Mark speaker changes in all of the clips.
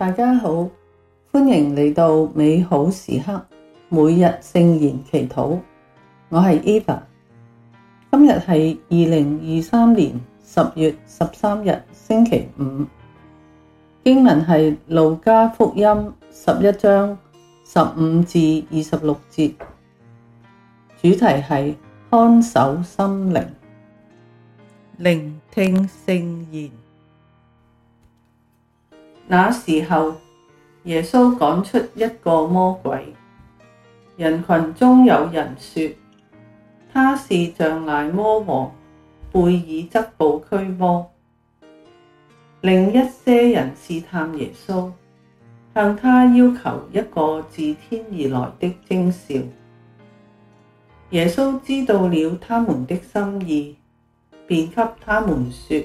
Speaker 1: 大家好，歡迎嚟到美好時刻，每日聖言祈禱。我係 Eva，今日係二零二三年十月十三日星期五，經文係路加福音十一章十五至二十六節，主題係看守心靈，聆聽聖言。那時候，耶穌趕出一個魔鬼，人群中有人說，他是仗賴魔王貝耳則步驅魔，另一些人試探耶穌，向他要求一個自天而來的徵兆。耶穌知道了他們的心意，便給他們說。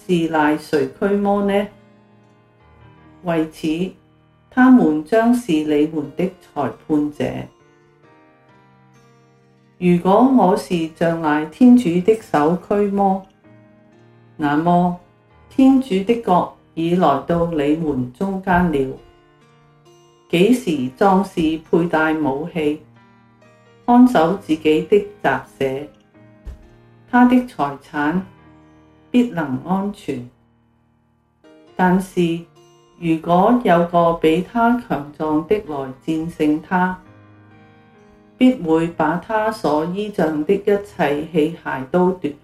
Speaker 1: 是仗賴誰驅魔呢？為此，他們將是你們的裁判者。如果我是仗賴天主的手驅魔，那麼天主的國已來到你們中間了。幾時壯士佩帶武器，看守自己的宅舍，他的財產，必能安全，但是如果有個比他強壯的來戰勝他，必會把他所依仗的一切器械都奪去，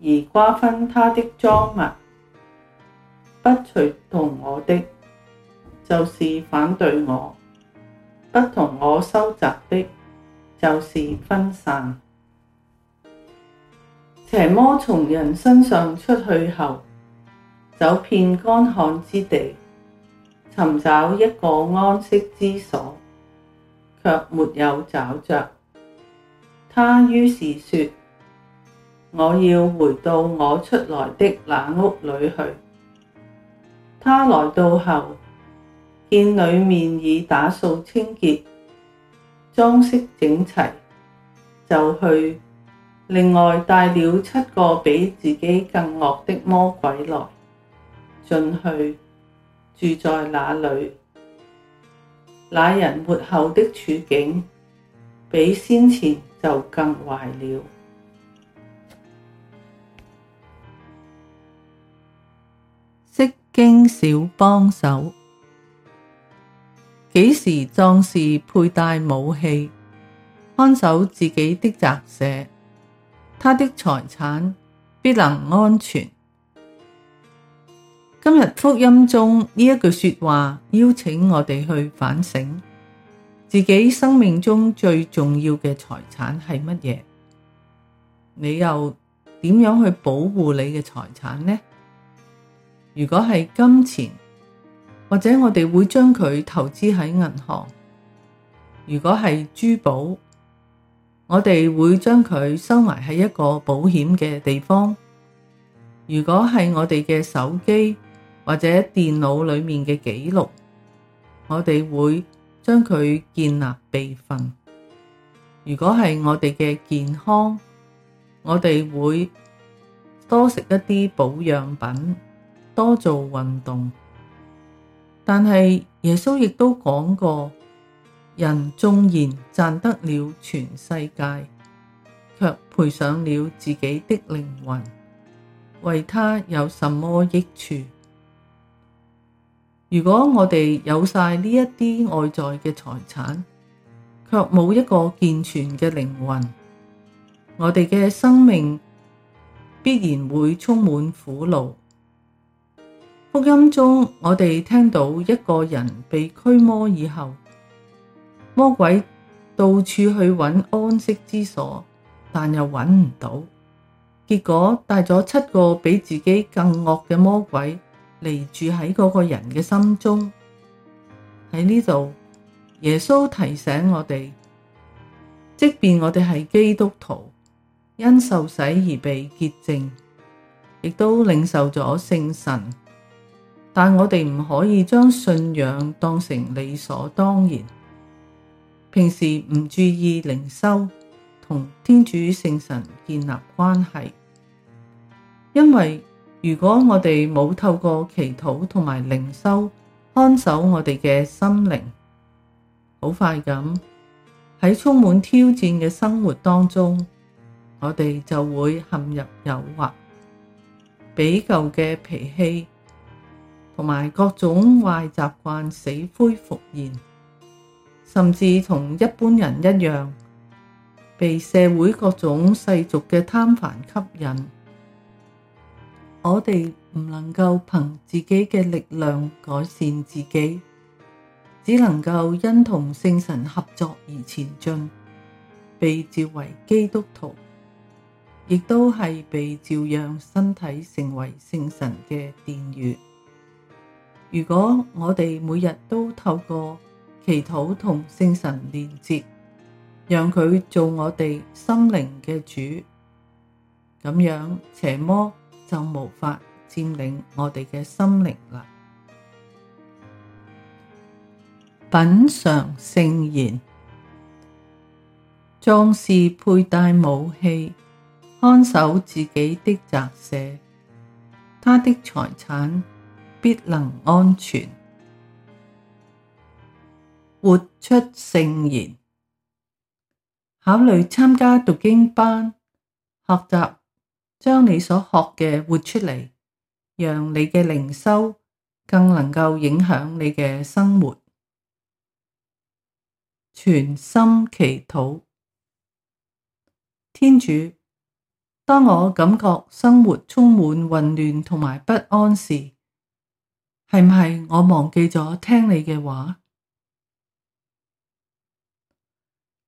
Speaker 1: 而瓜分他的贓物。不隨同我的，就是反對我；不同我收集的，就是分散。邪魔從人身上出去後，走遍乾旱之地，尋找一個安息之所，卻沒有找着。他於是說：我要回到我出來的那屋裏去。他來到後，見裏面已打掃清潔、裝飾整齊，就去。另外帶了七個比自己更惡的魔鬼來，進去住在那裡。那人末後的處境比先前就更壞了。《釋經》小幫手，幾時壯士佩帶武器，看守自己的宅舍。他的財產必能安全。今日福音中呢一句說話，邀請我哋去反省自己生命中最重要嘅財產係乜嘢？你又點樣去保護你嘅財產呢？如果係金錢，或者我哋會將佢投資喺銀行；如果係珠寶。我哋會將佢收埋喺一個保險嘅地方。如果係我哋嘅手機或者電腦裏面嘅記錄，我哋會將佢建立備份。如果係我哋嘅健康，我哋會多食一啲保養品，多做運動。但係耶穌亦都講過。人縱然賺得了全世界，卻賠上了自己的靈魂，為他有什麼益處？如果我哋有晒呢一啲外在嘅財產，卻冇一個健全嘅靈魂，我哋嘅生命必然會充滿苦惱。福音中，我哋聽到一個人被驅魔以後。魔鬼到處去揾安息之所，但又揾唔到，結果帶咗七個比自己更惡嘅魔鬼嚟住喺嗰個人嘅心中。喺呢度，耶穌提醒我哋，即便我哋係基督徒，因受洗而被潔淨，亦都領受咗聖神，但我哋唔可以將信仰當成理所當然。平時唔注意靈修同天主聖神建立關係，因為如果我哋冇透過祈禱同埋靈修看守我哋嘅心靈，好快咁喺充滿挑戰嘅生活當中，我哋就會陷入誘惑，俾舊嘅脾氣同埋各種壞習慣死灰復燃。甚至同一般人一樣，被社會各種世俗嘅貪婪吸引，我哋唔能夠憑自己嘅力量改善自己，只能夠因同聖神合作而前進，被召為基督徒，亦都係被召讓身體成為聖神嘅殿宇。如果我哋每日都透過祈禱同聖神連接，讓佢做我哋心靈嘅主，咁樣邪魔就無法佔領我哋嘅心靈啦。品嘗聖言，壯士佩帶武器，看守自己的宅舍，他的財產必能安全。活出聖言，考慮參加讀經班，學習將你所學嘅活出嚟，讓你嘅靈修更能夠影響你嘅生活。全心祈禱，天主，當我感覺生活充滿混亂同埋不安時，係唔係我忘記咗聽你嘅話？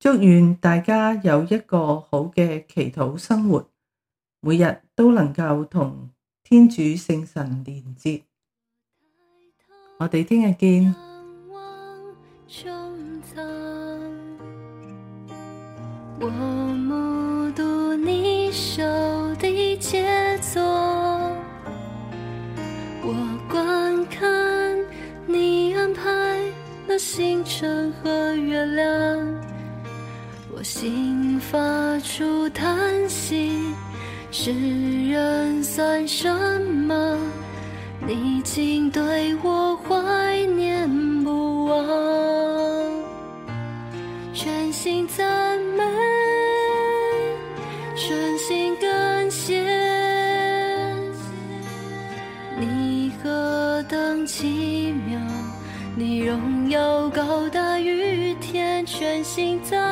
Speaker 1: 祝願大家有一個好嘅祈禱生活，每日都能夠同天主聖神連接。我哋聽日
Speaker 2: 見。 心發出嘆息，世人算什麼？你竟對我懷念不忘，全心讚美，全心感謝，你何等奇妙，你擁有高大逾天，全心讚。